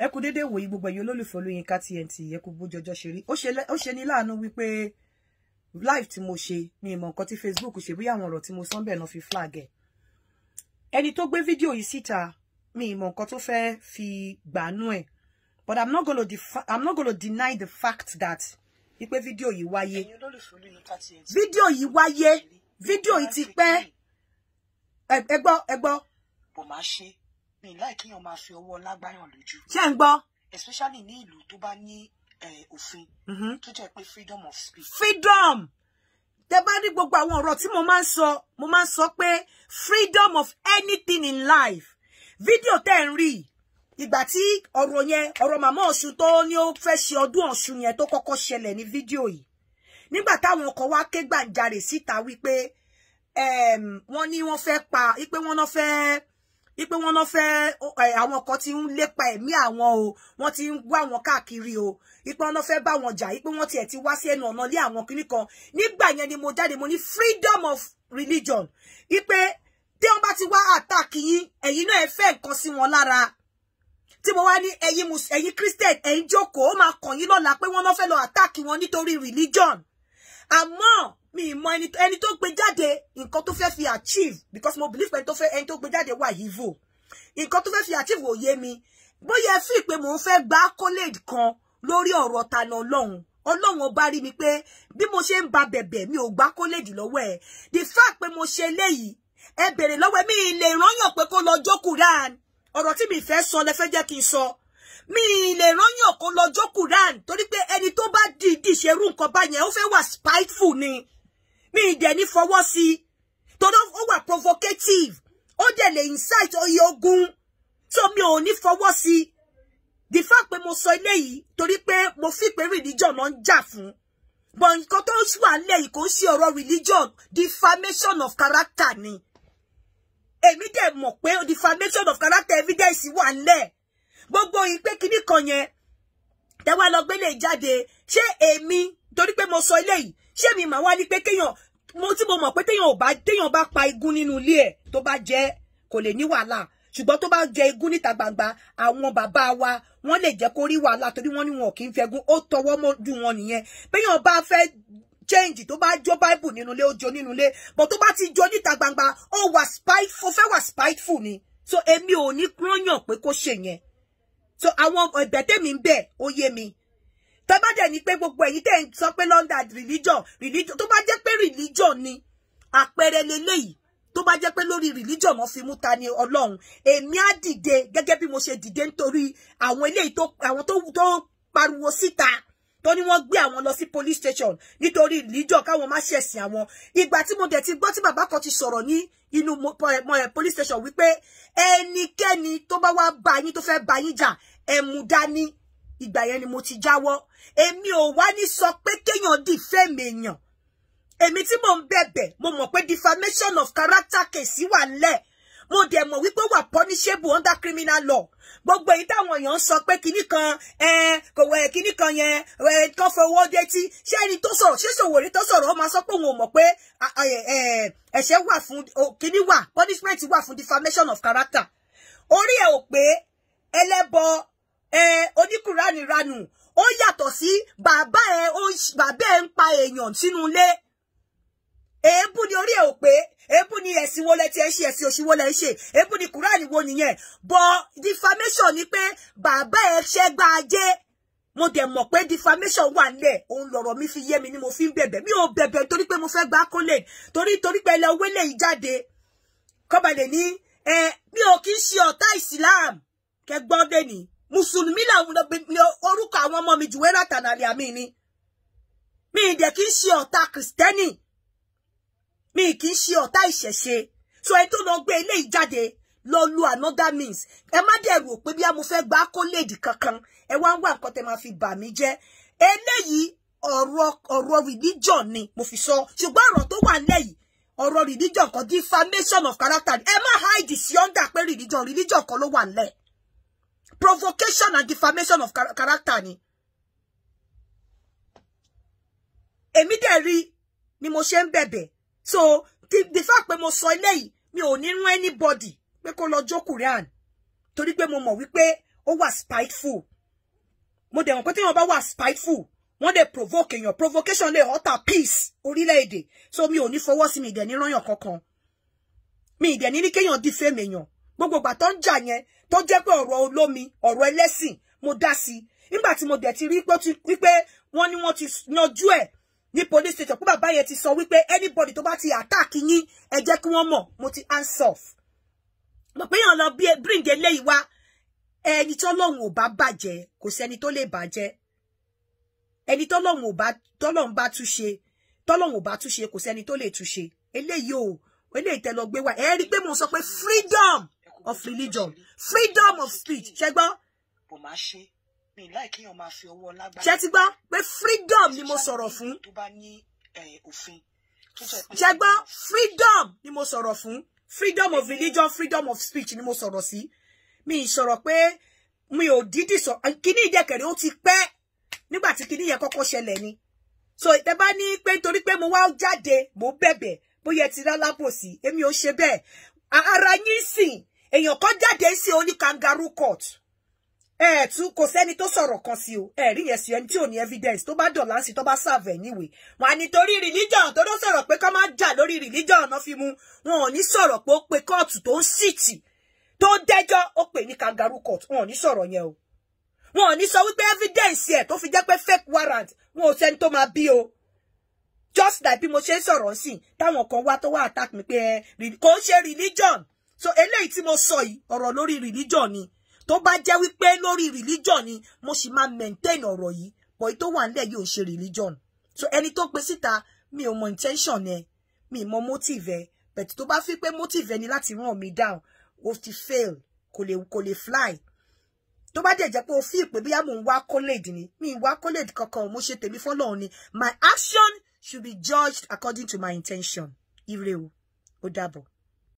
ẹ kú déédéé wòye gbogbo ẹ̀yin olólùfẹ́ olóyinka TNT ẹ kú bójọjọ́ ṣe rí ó ṣe ní láàánú wípé live tí mo ṣe mi ìmọ̀ nǹkan tí Facebook ṣe bóyá àwọn ọ̀rọ̀ tí mo sọ́nbẹ̀ náà fi flag ẹ̀ ẹni tó gbé fídíò yìí síta mi ìmọ̀ nǹkan tó fẹ́ fi gbàánú ẹ̀ but I'm not gonna I'm not gonna deny the fact that wípé fídíò yìí wáyé fídíò yìí wáyé fídíò yìí ti pẹ́ ẹ gbọ́ ẹ gbọ́ mi láì kéèyàn máa fi ọwọ́ lágbáyàn lójú. ṣé ń gbọ́. especially ní ìlú tó bá ní òfin mm-hmm. tó jẹ́ pé freedom of speech. freedom tẹ bá rí gbogbo àwọn ọ̀rọ̀ tí mo máa ń sọ mo máa ń sọ pé freedom of anything in life fídíò tẹ́ ń rí ìgbà tí ọ̀rọ̀ yẹn ọ̀rọ̀ màmá ọ̀ṣun tó ní ó fẹ́ ṣe ọdún ọ̀ṣun yẹn tó kọ́kọ́ ṣẹlẹ̀ ní fídíò yìí nígbà táwọn ọkọ̀ wá ké gbàǹjarè síta wípé wọ́n ní wọ́n fẹ́ pa wípé wọ́n náà fẹ́ẹ́ Ipe wọ́n lọ fẹ́ àwọn kan ti ń lépa ẹ̀mí àwọn o wọ́n ti ń wá àwọn káàkiri o wípé wọ́n lọ fẹ́ bá wọn jà wípé wọ́n tiẹ̀ ti wa si ẹnu ọ̀nà lé àwọn kinní kan nígbà yẹn ni mo jáde mo ni freedom of religion Ipe ti wọ́n bá ti wa attack yín ẹ̀yin náà ẹ fẹ́ nǹkan sí wọn lára tí mo wá ní ẹ̀yin ẹ̀yin christian e jókòó ó máa kàn yín lọ́la pé wọ́n lo fẹ́ lọ attack wọn nítorí religion àmọ́ mi mọ ẹni ẹni tó gbé jáde nǹkan tó fẹ́ fi achieve because mo believe ẹni tó fẹ́ ẹni tó gbé jáde wà yìí nǹkan tó fẹ́ fi achieve ò yé mi bóyá ẹ fi pé mò ń fẹ́ gba college kan lórí ọ̀rọ̀ tànà ọlọ́run ọlọ́run ọba rí mi pé bí mo ṣe ń ba bẹ̀bẹ̀ mi ò gba college lọ́wọ́ ẹ̀ the fact pé mo ṣe eléyìí ẹ bèrè lọ́wọ́ ẹ mi lè rányàn pé kó lọ jókùrán ọ̀rọ̀ tí mi fẹ́ sọ lẹ fẹ́ jẹ́ kí n sọ mi lè rányàn kó lọ jókùrán torí pé ẹni tó bá dìídì ṣerú nǹkan báyẹn ó fẹ́ wà spiteful ni mi ìdẹ̀ ni fọwọ́ sí i torí ó provocative ó dẹ̀ lè incite oyè ogun tó mi ò ní fọwọ́ sí the fact pé mo sọ eléyìí torí pé mo fi pé religion náà ń jà but nǹkan tó ń wà lẹ́yìn kò ń ṣe religion defamation of character ni èmi dẹ̀ mọ̀ pé defamation of character evidence wà lẹ̀ gbogbo ìpè kíní kan yẹn tẹ́wá lọ gbélé jáde ṣé èmi torí pé mo sọ eléyìí ṣé mi màá wá ní pé kéèyàn mo tí mo mọ̀ pé téèyàn ò bá téèyàn bá pa igun nínú ilé ẹ̀ tó bá jẹ́ kò lè ní wàhálà ṣùgbọ́n tó bá jẹ igun níta gbangba àwọn bàbá wa wọ́n lè jẹ́ kó rí wàhálà torí wọ́n ní wọn ò kí ń fẹ́gun ó tọwọ́ mọ́jú wọn nìyẹn béèyàn bá fẹ́ change tó bá jó bible nínú ilé ó jó nínú ilé but tó bá ti jó níta gbangba ó wà spiteful fẹ́ wà spiteful ni so èmi ò ní kúrọ́yàn pé kó ṣèyẹn so àwọn ẹ̀bẹ̀ tèmi ń bẹ̀ ó yé mi tẹ bá dẹ̀ ní pé gbogbo ẹ̀yin tẹ̀ ń sọ pé London religion religion tó bá jẹ́ pé religion ni àpẹẹrẹ leléyìí tó bá jẹ́ pé lórí religion wọn fi mú ta ni ọlọ́run èmi á dìde gẹ́gẹ́ bí mo ṣe dìde nítorí àwọn eléyìí tó àwọn tó tó pariwo síta tó ní wọ́n gbé àwọn lọ sí police station nítorí religion káwọn má ṣẹ̀sìn àwọn ìgbà tí mo dẹ̀ ti gbọ́ tí bàbá kan ti sọ̀rọ̀ ní inú eh, police station wípé ẹnikẹ́ni tó bá wá bá yín tó fẹ́ bá yín jà ẹ dání ìgbà yẹn ni mo ti jáwọ́ èmi ò wá ní sọ pé kéèyàn dì fẹ́mi èèyàn èmi tí mò ń bẹ̀bẹ̀ mo mọ̀ pé defamation of character kèsì wà ńlẹ̀ mo dẹ̀ mọ̀ wípé wà punishable under criminal law gbogbo èyí táwọn èèyàn ń sọ pé kinní kan kò wẹ̀ kinní kan yẹn kan fowó détí ṣé ẹni tó sọ̀rọ̀ ṣé Sowore tó sọ̀rọ̀ ó máa sọ pé òun ò mọ̀ pé ẹ̀ṣẹ̀ wà fún kinní wà punishment wà fún defamation of character orí ẹ̀ ò pé ẹlẹ́bọ oníkùránì ranù ó yàtọ̀ sí bàbá ẹ bàbá ẹ ń pa èèyàn sínú ilé èébú ni orí ẹ ò pé èébú ni ẹ̀sìn wo lẹ ti ẹ ṣe ẹ̀sìn òṣì wo ṣe èébú ni kùránì wo nìyẹn bọ defamation ni pé bàbá ẹ ṣẹgbà ajé mo dẹ̀ mọ̀ pé defamation wà nílẹ̀ òun lọ̀rọ̀ mi fi yé mi ni mo fi ń bẹ̀bẹ̀ mi ò bẹ̀bẹ̀ torí pé mo fẹ́ gba college torí torí pé ẹlẹ́ owó lè jáde kọ́balẹ̀ ní ẹ mi ò kí ń ṣe ọ̀tá ìsìláàmù kẹgbọ́n dẹ́ni mùsùlùmí làwọn orúkọ àwọn ọmọ mi jùwé látànàlẹ àmì ni mi ì dẹ̀ kí n ṣe ọ̀tá kìrìsìtẹ́nì mi ì kí ṣe ọ̀tá ìṣẹ̀ṣe so ẹni tó lọ gbé ilé ìjáde lọ lu another means ẹ má dẹ̀ rò pé bí a mo fẹ́ gba kólèdì kankan ẹ wá ń wá nǹkan tẹ máa fi bà mí jẹ́ eléyìí ọ̀rọ̀ ọ̀rọ̀ religion ni mo fi sọ ṣùgbọ́n ọ̀rọ̀ tó wà nílẹ̀ yìí ọ̀rọ̀ religion kan defamation of character ẹ má hide sí under pé religion religion kan ló wà nílẹ̀ provocation and defamation of character ni èmi dẹ̀ rí ni mo ṣe ń so the fact pé mo sọ eléyìí mi ò ní rán anybody pé kó lọ jó Quran torí pé mo mọ̀ wípé ó wà spiteful mo dẹ̀ mọ̀ pé téèyàn bá wà spiteful wọ́n dẹ̀ provoke èèyàn provocation le alter peace orílẹ̀-èdè so mi ò ní fọwọ́ sí mi ìdẹ̀ ní rányàn kankan mi ìdẹ̀ ní ní kéèyàn defame èèyàn gbogbo ìgbà tó ń jà yẹn tó jẹ́ pé ọ̀rọ̀ olómi ọ̀rọ̀ ẹlẹ́sìn mo dá sí i nígbà tí mo dẹ̀ ti rí pé wọ́n ní wọ́n ti yanjú ẹ̀ ní police station pé bàbá yẹn ti sọ wípé anybody tó bá ti attack yín ẹ jẹ́ kí wọ́n mọ̀ mo ti hands off mọ̀ pé yàn lọ bí bring eléyìí wá ẹni tọ́lọ́hún ò bá bàjẹ́ kò sẹ́ni tó lè bàjẹ́ ẹni tọ́lọ́hún ò bá tọ́lọ́hún bá túnṣe tọ́lọ́hún ò bá túnṣe kò sẹ́ni tó lè túnṣe eléyìí o eléyìí tẹ́ lọ gbé wá ẹ rí i mo sọ pé freedom of religion freedom of speech ṣe gbọ́. kò máa ṣe mi láì kí èèyàn máa fi ọwọ́ lágbára. ṣe ti gbọ́ pé freedom ni mo sọ̀rọ̀ fún. tó bá ní òfin. ṣe gbọ́ freedom ni mo sọ̀rọ̀ fún freedom of religion freedom of speech ni mo sọ̀rọ̀ sí mi sọ̀rọ̀ pé mi ò dídì sọ kíní ìjẹkẹrẹ ó ti pẹ́ nígbà tí kíní yẹn kọ́kọ́ ṣẹlẹ̀ ni so tẹ́ bá ní pé nítorí pé mo wá jáde mo bẹ̀bẹ̀ bóyá ti rá lábòsí èmi ò ṣe bẹ́ẹ̀ ara yín sìn èèyàn kan jáde sí oní kangaroo court Eh, tún kò sẹ́ni tó sọ̀rọ̀ kan sí o ẹ rí yẹn sí ẹni tí ò evidence tó bá dọ̀là sí tó bá serve níwèé wọn à ní religion tó ló sọ̀rọ̀ pé kọ́ máa jà lórí religion náà fi mu wọn ò ní sọ̀rọ̀ pé ó pe kóòtù tó ń ṣìtì tó dẹ́jọ́ ó pè kangaroo court wọn ò ní sọ̀rọ̀ o wọn ò ní sọ wípé evidence ẹ̀ tó fi jẹ́ pé fake warrant wọn ò sẹ́ni tó máa bí o just like bí mo ṣe ń sọ̀rọ̀ sí táwọn kan wá tó wá attack mi pé eh, kò ń religion so eléyìí tí mo sọ yìí ọ̀rọ̀ lórí religion ni tó bá jẹ́ wípé lórí religion ni mo sì máa maintain ọ̀rọ̀ yìí bọ̀ èyí tó wà nílẹ̀ yìí ò ṣe religion so ẹni tó pe síta mi ò mọ intention ẹ mi mọ motive ẹ but tó bá fi pé motive ẹ ni láti ràn mí down o ti fail kò lè kò lè fly tó bá dẹ̀ jẹ́ pé o fi ìpè bí mo ń wá college ni mi ń wá college kankan mo ṣe tèmi fọ́lọ́run ni my action should be judged according to my intention ire o ó dàbọ̀.